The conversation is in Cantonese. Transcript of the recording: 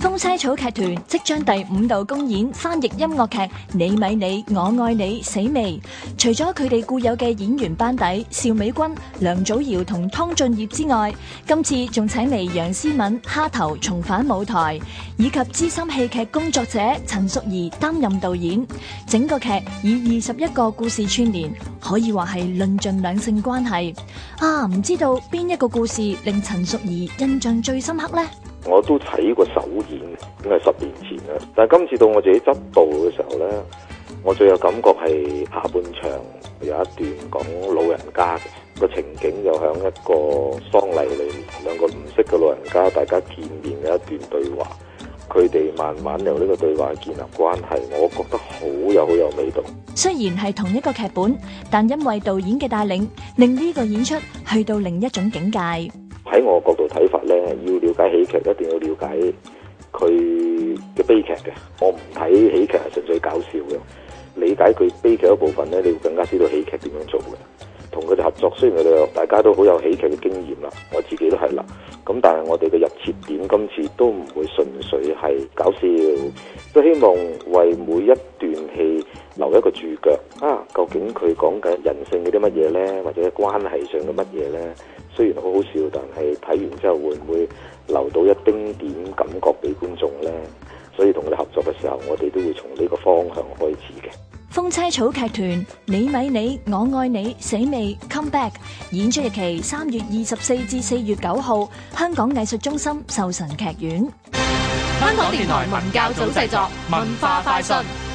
風車草劇團即將第五度公演翻譯音樂劇《你咪你我愛你死未》。除咗佢哋固有嘅演員班底邵美君、梁祖堯同湯俊業之外，今次仲請嚟楊思敏、蝦頭重返舞台，以及資深戲劇工作者陳淑儀擔任導演。整個劇以二十一個故事串聯，可以話係論盡兩性關係。啊，唔知道邊一個故事令陳淑儀印象最深刻呢？我都睇過首演，咁係十年前啦。但係今次到我自己執導嘅時候咧，我最有感覺係下半場有一段講老人家嘅個情景，就響一個喪禮裏面，兩個唔識嘅老人家大家見面嘅一段對話，佢哋慢慢由呢個對話建立關係，我覺得好有好有味道。雖然係同一個劇本，但因為導演嘅帶領，令呢個演出去到另一種境界。喺我角度睇法咧，要了解喜劇，一定要了解佢嘅悲劇嘅。我唔睇喜劇係純粹搞笑嘅，理解佢悲劇一部分咧，你會更加知道喜劇點樣做嘅。同佢哋合作，雖然我哋大家都好有喜劇嘅經驗啦，我自己都係啦。咁但係我哋嘅入切點，今次都唔會純粹係搞笑，都希望為每一段戲留一個注腳。啊！究竟佢講緊人性嘅啲乜嘢咧，或者關係上嘅乜嘢咧？雖然好好笑，但係睇完之後會唔會留到一丁點感覺俾觀眾咧？所以同佢哋合作嘅時候，我哋都會從呢個方向開始嘅。風車草劇團，你咪理，我愛你，死未 come back。演出日期三月二十四至四月九號，香港藝術中心壽臣劇院。香港電台文教組製作文化快訊。